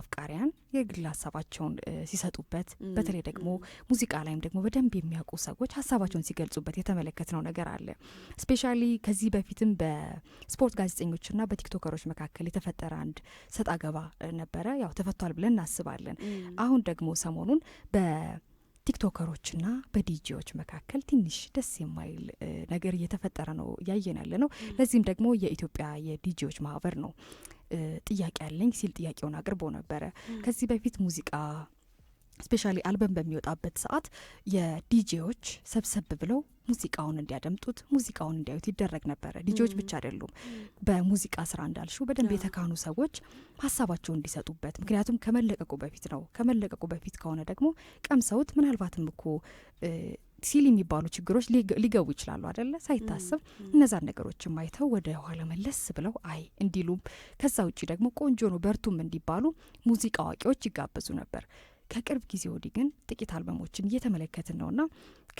አፍቃሪያን የግል ሀሳባቸውን ሲሰጡበት በተለይ ደግሞ ሙዚቃ ላይም ደግሞ በደንብ የሚያውቁ ሰዎች ሀሳባቸውን ሲገልጹበት የተመለከትነው ነገር አለ። ስፔሻሊ ከዚህ በፊትም በስፖርት ጋዜጠኞችና በቲክቶከሮች መካከል የተፈጠረ አንድ ሰጥ አገባ ነበረ። ያው ተፈቷል ብለን እናስባለን። አሁን ደግሞ ሰሞኑን በ ቲክቶከሮችና በዲጂዎች መካከል ትንሽ ደስ የማይል ነገር እየተፈጠረ ነው እያየን ያለ ነው። ለዚህም ደግሞ የኢትዮጵያ የዲጂዎች ማህበር ነው ጥያቄ አለኝ ሲል ጥያቄውን አቅርቦ ነበረ። ከዚህ በፊት ሙዚቃ ስፔሻሊ አልበም በሚወጣበት ሰዓት የዲጄዎች ሰብሰብ ብለው ሙዚቃውን እንዲያደምጡት ሙዚቃውን እንዲያዩት ይደረግ ነበረ። ዲጄዎች ብቻ አይደሉም፣ በሙዚቃ ስራ እንዳልሹ በደንብ የተካኑ ሰዎች ሀሳባቸውን እንዲሰጡበት። ምክንያቱም ከመለቀቁ በፊት ነው። ከመለቀቁ በፊት ከሆነ ደግሞ ቀምሰውት ምናልባትም እኮ ሲል የሚባሉ ችግሮች ሊገቡ ይችላሉ አደለ? ሳይታሰብ እነዛን ነገሮችን ማይተው ወደ ኋላ መለስ ብለው አይ እንዲሉም፣ ከዛ ውጭ ደግሞ ቆንጆ ነው በርቱም እንዲባሉ ሙዚቃ አዋቂዎች ይጋበዙ ነበር። ከቅርብ ጊዜ ወዲህ ግን ጥቂት አልበሞችን እየተመለከትን ነውና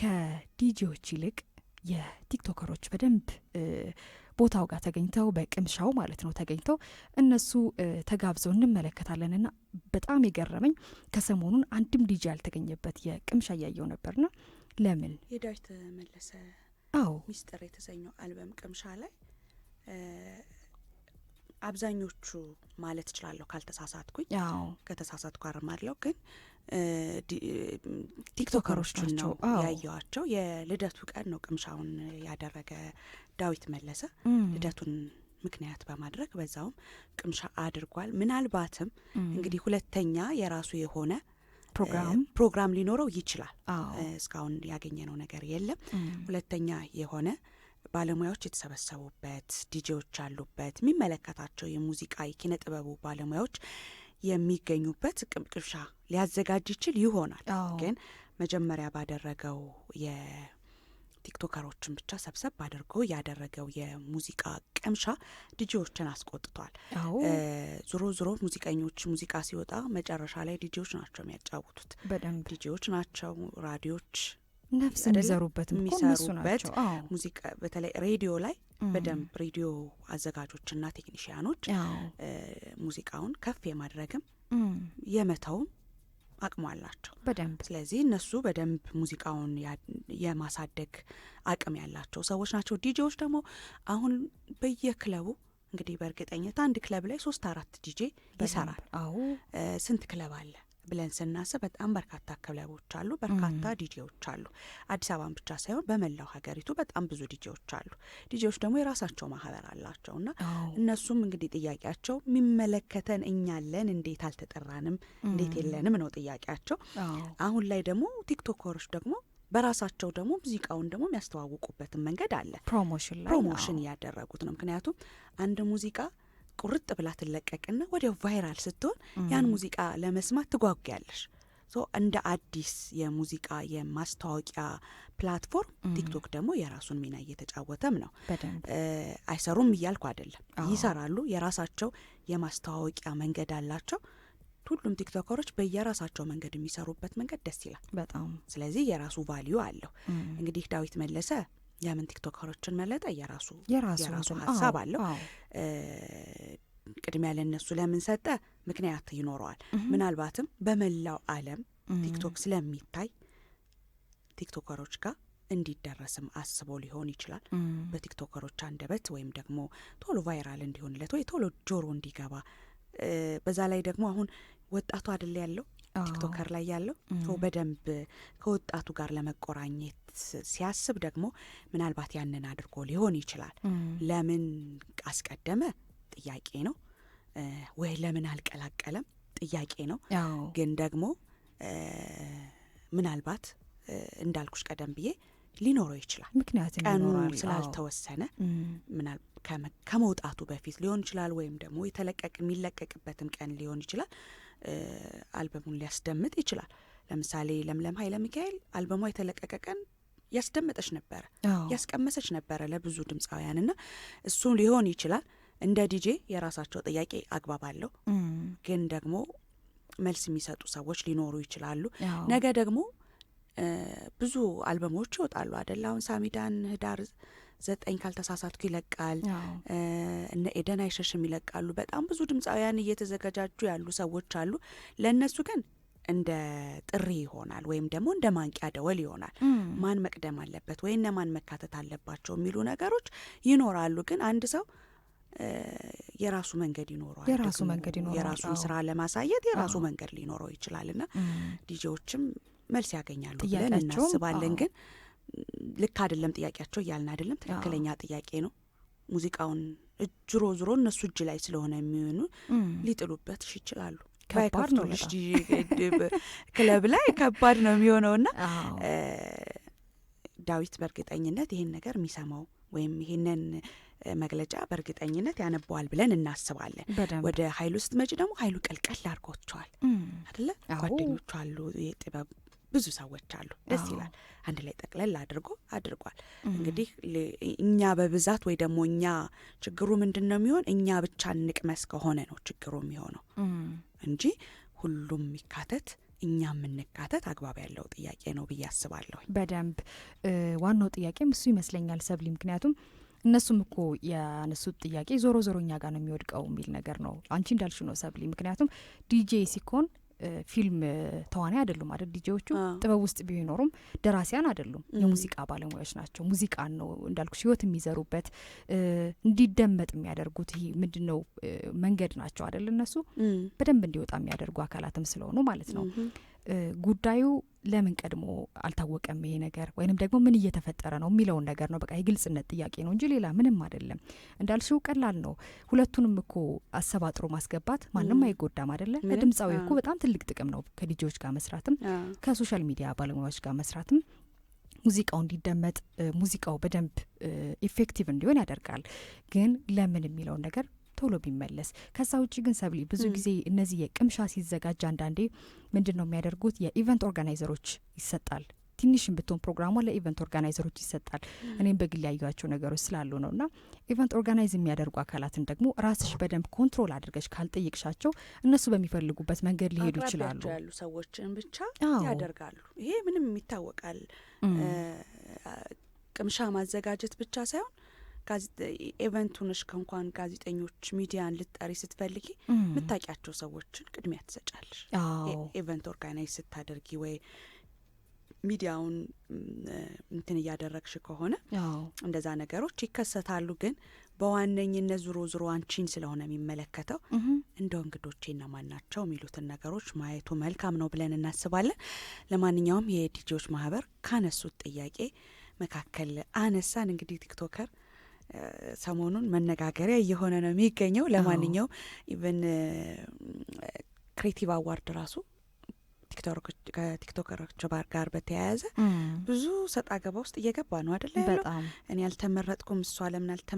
ከዲጂዎች ይልቅ የቲክቶከሮች በደንብ ቦታው ጋር ተገኝተው በቅምሻው ማለት ነው ተገኝተው እነሱ ተጋብዘው ና በጣም የገረመኝ ከሰሞኑን አንድም ዲጂ ያልተገኘበት የቅምሻ እያየው ነበርና ለምን የዳዊት መለሰ አዎ ሚስጥር የተሰኘው አልበም ቅምሻ ላይ አብዛኞቹ ማለት እችላለሁ ካልተሳሳትኩኝ፣ ከተሳሳትኩ አርማለሁ። ግን ቲክቶከሮች ነው ያየዋቸው። የልደቱ ቀን ነው ቅምሻውን ያደረገ ዳዊት መለሰ ልደቱን ምክንያት በማድረግ በዛውም ቅምሻ አድርጓል። ምናልባትም እንግዲህ ሁለተኛ የራሱ የሆነ ፕሮግራም ሊኖረው ይችላል። እስካሁን ያገኘነው ነገር የለም። ሁለተኛ የሆነ ባለሙያዎች የተሰበሰቡበት ዲጄዎች ያሉበት የሚመለከታቸው የሙዚቃ የኪነ ጥበቡ ባለሙያዎች የሚገኙበት ቅምቅሻ ሊያዘጋጅ ይችል ይሆናል ግን መጀመሪያ ባደረገው ቲክቶከሮችን ብቻ ሰብሰብ አድርጎ ያደረገው የሙዚቃ ቀምሻ ዲጂዎችን አስቆጥቷል። ዞሮ ዞሮ ሙዚቀኞች ሙዚቃ ሲወጣ መጨረሻ ላይ ዲጂዎች ናቸው የሚያጫውቱት። በደንብ ዲጂዎች ናቸው ራዲዮች ነፍስ እንዲዘሩበት የሚሰሩበት ሙዚቃ በተለይ ሬዲዮ ላይ በደንብ ሬዲዮ አዘጋጆችና ቴክኒሽያኖች ሙዚቃውን ከፍ የማድረግም የመተውም አቅሙ አላቸው በደንብ። ስለዚህ እነሱ በደንብ ሙዚቃውን የማሳደግ አቅም ያላቸው ሰዎች ናቸው። ዲጄዎች ደግሞ አሁን በየክለቡ እንግዲህ በእርግጠኝነት አንድ ክለብ ላይ ሶስት አራት ዲጄ ይሰራል። ስንት ክለብ አለ? ብለን ስናስብ በጣም በርካታ ክለቦች አሉ፣ በርካታ ዲጄዎች አሉ። አዲስ አበባን ብቻ ሳይሆን በመላው ሀገሪቱ በጣም ብዙ ዲጄዎች አሉ። ዲጄዎች ደግሞ የራሳቸው ማህበር አላቸው እና እነሱም እንግዲህ ጥያቄያቸው የሚመለከተን እኛለን እንዴት አልተጠራንም እንዴት የለንም ነው ጥያቄያቸው። አሁን ላይ ደግሞ ቲክቶከሮች ደግሞ በራሳቸው ደግሞ ሙዚቃውን ደግሞ የሚያስተዋውቁበትን መንገድ አለ። ፕሮሞሽን ፕሮሞሽን እያደረጉት ነው። ምክንያቱም አንድ ሙዚቃ ቁርጥ ብላ ትለቀቅና ወዲያው ቫይራል ስትሆን ያን ሙዚቃ ለመስማት ትጓጉያለሽ። እንደ አዲስ የሙዚቃ የማስታወቂያ ፕላትፎርም ቲክቶክ ደግሞ የራሱን ሚና እየተጫወተም ነው። አይሰሩም እያልኩ አይደለም፣ ይሰራሉ። የራሳቸው የማስታወቂያ መንገድ አላቸው። ሁሉም ቲክቶከሮች በየራሳቸው መንገድ የሚሰሩበት መንገድ ደስ ይላል በጣም። ስለዚህ የራሱ ቫሊዩ አለው። እንግዲህ ዳዊት መለሰ የምን ቲክቶከሮችን መለጠ የራሱ የራሱ ሀሳብ አለው። ቅድሚያ ለእነሱ ለምን ሰጠ ምክንያት ይኖረዋል። ምናልባትም በመላው ዓለም ቲክቶክ ስለሚታይ ቲክቶከሮች ጋር እንዲደረስም አስቦ ሊሆን ይችላል። በቲክቶከሮች አንደበት ወይም ደግሞ ቶሎ ቫይራል እንዲሆንለት ወይ ቶሎ ጆሮ እንዲገባ በዛ ላይ ደግሞ አሁን ወጣቱ አደል ያለው ቲክቶከር ላይ ያለው በደንብ ከወጣቱ ጋር ለመቆራኘት ሲያስብ ደግሞ ምናልባት ያንን አድርጎ ሊሆን ይችላል። ለምን አስቀደመ ጥያቄ ነው ወይ ለምን አልቀላቀለም ጥያቄ ነው። ግን ደግሞ ምናልባት እንዳልኩሽ ቀደም ብዬ ሊኖረው ይችላል። ምክንያት ቀኑ ስላልተወሰነ ከመውጣቱ በፊት ሊሆን ይችላል። ወይም ደግሞ የተለቀቅ የሚለቀቅበትም ቀን ሊሆን ይችላል። አልበሙን ሊያስደምጥ ይችላል። ለምሳሌ ለምለም ኃይለ ሚካኤል አልበሟ የተለቀቀ ቀን ያስደመጠች ነበረ፣ ያስቀመሰች ነበረ ለብዙ ድምፃውያን እና እሱ ሊሆን ይችላል። እንደ ዲጄ የራሳቸው ጥያቄ አግባብ አለው፣ ግን ደግሞ መልስ የሚሰጡ ሰዎች ሊኖሩ ይችላሉ። ነገ ደግሞ ብዙ አልበሞች ይወጣሉ አደለ? አሁን ሳሚዳን ህዳር ዘጠኝ ካልተሳሳትኩ ይለቃል። እነ ኤደን አይሸሽም ይለቃሉ። በጣም ብዙ ድምፃውያን እየተዘጋጃጁ ያሉ ሰዎች አሉ። ለእነሱ ግን እንደ ጥሪ ይሆናል ወይም ደግሞ እንደ ማንቂያ ደወል ይሆናል። ማን መቅደም አለበት ወይ እነማን መካተት አለባቸው የሚሉ ነገሮች ይኖራሉ። ግን አንድ ሰው የራሱ መንገድ ይኖረዋል። የራሱ መንገድ ይኖረዋል። የራሱን ስራ ለማሳየት የራሱ መንገድ ሊኖረው ይችላል እና ዲጄዎችም መልስ ያገኛሉ ብለን እናስባለን። ግን ልክ አይደለም ጥያቄያቸው እያልን አይደለም፣ ትክክለኛ ጥያቄ ነው። ሙዚቃውን እጅሮ ዝሮ እነሱ እጅ ላይ ስለሆነ የሚሆኑ ሊጥሉበት ይችላሉ። ከባድ ነው። ክለብ ላይ ከባድ ነው የሚሆነው እና ዳዊት በእርግጠኝነት ይህን ነገር የሚሰማው ወይም ይህንን መግለጫ በእርግጠኝነት ያነበዋል ብለን እናስባለን። ወደ ሀይሉ ስትመጪ ደግሞ ሀይሉ ቀልቀል አድርጓቸዋል አደለ? ጓደኞቹ አሉ የጥበብ ብዙ ሰዎች አሉ። ደስ ይላል። አንድ ላይ ጠቅለል አድርጎ አድርጓል። እንግዲህ እኛ በብዛት ወይ ደግሞ እኛ ችግሩ ምንድን ነው የሚሆን እኛ ብቻ እንቅመስ ከሆነ ነው ችግሩ የሚሆነው እንጂ ሁሉም የሚካተት እኛ የምንካተት አግባብ ያለው ጥያቄ ነው ብዬ አስባለሁ። በደንብ ዋናው ጥያቄም እሱ ይመስለኛል ሰብሊ። ምክንያቱም እነሱም እኮ ያነሱት ጥያቄ ዞሮ ዞሮ እኛ ጋር ነው የሚወድቀው የሚል ነገር ነው። አንቺ እንዳልሽ ነው ሰብሊ። ምክንያቱም ዲጄ ሲኮን ፊልም ተዋናይ አይደሉም አይደል? ዲጄዎቹ ጥበብ ውስጥ ቢኖሩም ደራሲያን አይደሉም፣ የሙዚቃ ባለሙያዎች ናቸው። ሙዚቃን ነው እንዳልኩ ህይወት የሚዘሩበት እንዲደመጥ የሚያደርጉት ይህ ምንድን ነው መንገድ ናቸው አይደል? እነሱ በደንብ እንዲወጣ የሚያደርጉ አካላትም ስለሆኑ ማለት ነው። ጉዳዩ ለምን ቀድሞ አልታወቀም ይሄ ነገር ወይንም ደግሞ ምን እየተፈጠረ ነው የሚለውን ነገር ነው። በቃ የግልጽነት ጥያቄ ነው እንጂ ሌላ ምንም አይደለም። እንዳልሽው ቀላል ነው። ሁለቱንም እኮ አሰባጥሮ ማስገባት ማንም አይጎዳም አይደለ? ለድምፃዊ እኮ በጣም ትልቅ ጥቅም ነው። ከዲጄዎች ጋር መስራትም ከሶሻል ሚዲያ ባለሙያዎች ጋር መስራትም ሙዚቃው እንዲደመጥ ሙዚቃው በደንብ ኢፌክቲቭ እንዲሆን ያደርጋል። ግን ለምን የሚለውን ነገር ቶሎ ቢመለስ። ከዛ ውጭ ግን ሰብሊ ብዙ ጊዜ እነዚህ የቅምሻ ሲዘጋጅ አንዳንዴ ምንድን ነው የሚያደርጉት የኢቨንት ኦርጋናይዘሮች ይሰጣል ትንሽም ብትሆን ፕሮግራሟ ለኢቨንት ኦርጋናይዘሮች ይሰጣል። እኔም በግል ያዩዋቸው ነገሮች ስላሉ ነው እና ኢቨንት ኦርጋናይዝ የሚያደርጉ አካላትን ደግሞ ራስሽ በደንብ ኮንትሮል አድርገሽ ካልጠየቅሻቸው እነሱ በሚፈልጉበት መንገድ ሊሄዱ ይችላሉ። ያሉ ሰዎችን ብቻ ያደርጋሉ። ይሄ ምንም ይታወቃል። ቅምሻ ማዘጋጀት ብቻ ሳይሆን ኤቨንቱ ነሽ ከእንኳን ጋዜጠኞች ሚዲያን ልትጠሪ ስትፈልጊ የምታውቂያቸው ሰዎችን ቅድሚያ ትሰጫለሽ። ኤቨንት ኦርጋናይዝ ስታደርጊ ወይ ሚዲያውን እንትን እያደረግሽ ከሆነ እንደዛ ነገሮች ይከሰታሉ። ግን በዋነኝነት ዙሮ ዙሮ አንቺን ስለሆነ የሚመለከተው እንደው እንግዶቼ እነማን ናቸው የሚሉትን ነገሮች ማየቱ መልካም ነው ብለን እናስባለን። ለማንኛውም የዲጄዎች ማህበር ካነሱት ጥያቄ መካከል አነሳን። እንግዲህ ቲክቶከር ሰሞኑን መነጋገሪያ እየሆነ ነው የሚገኘው። ለማንኛውም ኢቨን ክሬቲቭ አዋርድ ራሱ ከቲክቶከሮች ጋር በተያያዘ ብዙ ሰጣ ገባ ውስጥ እየገባ ነው አደለ? ያለው እኔ አልተመረጥኩም እሷ ለምን